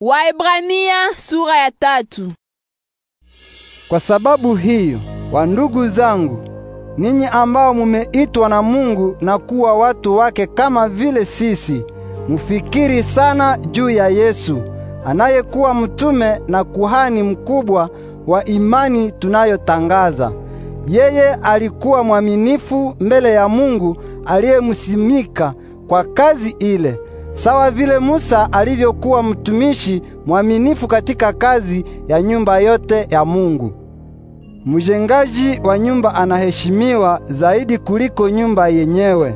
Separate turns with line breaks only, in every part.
Waebrania sura ya tatu.
Kwa sababu hiyo, wandugu zangu, ninyi ambao mumeitwa na Mungu na kuwa watu wake kama vile sisi, mufikiri sana juu ya Yesu anayekuwa mtume na kuhani mkubwa wa imani tunayotangaza. Yeye alikuwa mwaminifu mbele ya Mungu aliyemsimika kwa kazi ile sawa vile Musa alivyokuwa mtumishi mwaminifu katika kazi ya nyumba yote ya Mungu. Mjengaji wa nyumba anaheshimiwa zaidi kuliko nyumba yenyewe.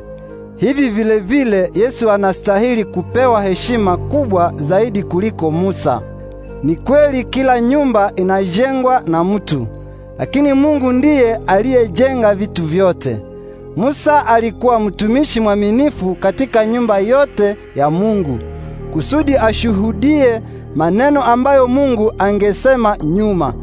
Hivi vile vile Yesu anastahili kupewa heshima kubwa zaidi kuliko Musa. Ni kweli kila nyumba inajengwa na mtu, lakini Mungu ndiye aliyejenga vitu vyote. Musa alikuwa mtumishi mwaminifu katika nyumba yote ya Mungu kusudi ashuhudie maneno ambayo Mungu angesema nyuma.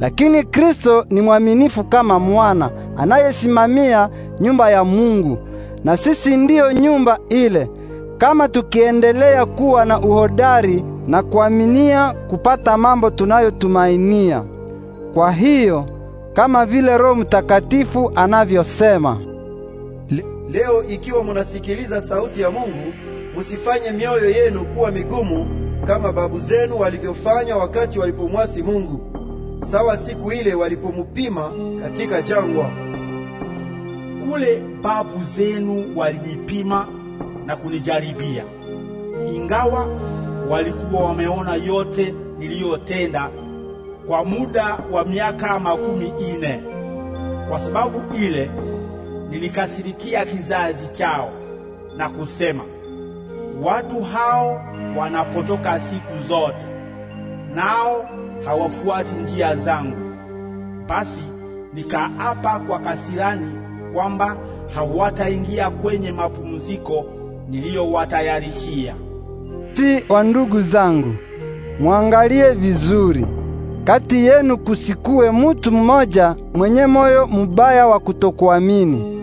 Lakini Kristo ni mwaminifu kama mwana anayesimamia nyumba ya Mungu, na sisi ndiyo nyumba ile. Kama tukiendelea kuwa na uhodari na kuaminia kupata mambo tunayotumainia. Kwa hiyo, kama vile Roho Mtakatifu anavyosema,
Leo ikiwa munasikiliza sauti ya Mungu, musifanye mioyo yenu kuwa migumu kama babu zenu walivyofanya wakati walipomwasi Mungu, sawa siku ile
walipomupima katika jangwa. Kule babu zenu walinipima na kunijaribia, ingawa walikuwa wameona yote niliyotenda kwa muda wa miaka makumi ine. Kwa sababu ile nilikasirikia kizazi chao na kusema, watu hao wanapotoka siku zote, nao hawafuati njia zangu. Basi nikaapa kwa kasirani kwamba hawataingia kwenye mapumziko niliyowatayarishia.
Si wa ndugu zangu, mwangalie vizuri kati yenu kusikue mutu mmoja mwenye moyo mubaya wa kutokuamini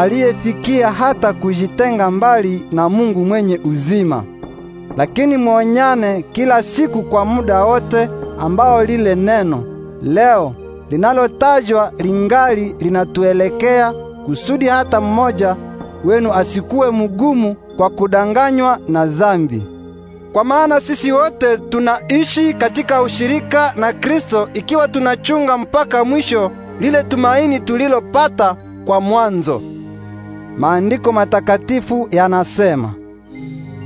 aliyefikia hata kujitenga mbali na Mungu mwenye uzima. Lakini mwonyane kila siku kwa muda wote ambao lile neno leo linalotajwa lingali linatuelekea, kusudi hata mmoja wenu asikuwe mugumu kwa kudanganywa na zambi. Kwa maana sisi wote tunaishi katika ushirika na Kristo ikiwa tunachunga mpaka mwisho lile tumaini tulilopata kwa mwanzo. Maandiko matakatifu yanasema,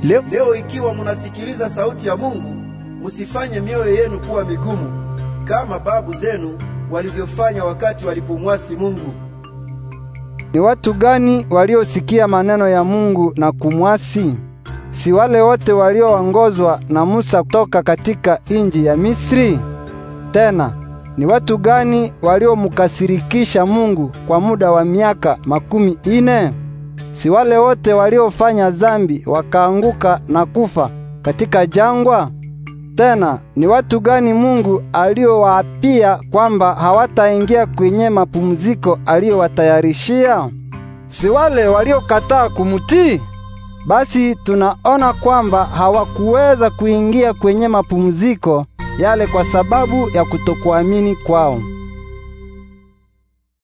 leo, leo ikiwa munasikiliza sauti ya Mungu, musifanye mioyo yenu kuwa migumu kama babu zenu walivyofanya wakati walipomwasi Mungu.
Ni watu gani waliosikia maneno ya Mungu na kumwasi? Si wale wote walioongozwa na Musa kutoka katika inji ya Misri? Tena ni watu gani waliomkasirikisha Mungu kwa muda wa miaka makumi ine? Si wale wote waliofanya zambi wakaanguka na kufa katika jangwa? Tena ni watu gani Mungu aliowaapia kwamba hawataingia kwenye mapumziko aliyowatayarishia? Si wale waliokataa kumutii? Basi tunaona kwamba hawakuweza kuingia kwenye mapumziko yale kwa sababu ya kutokuamini kwao.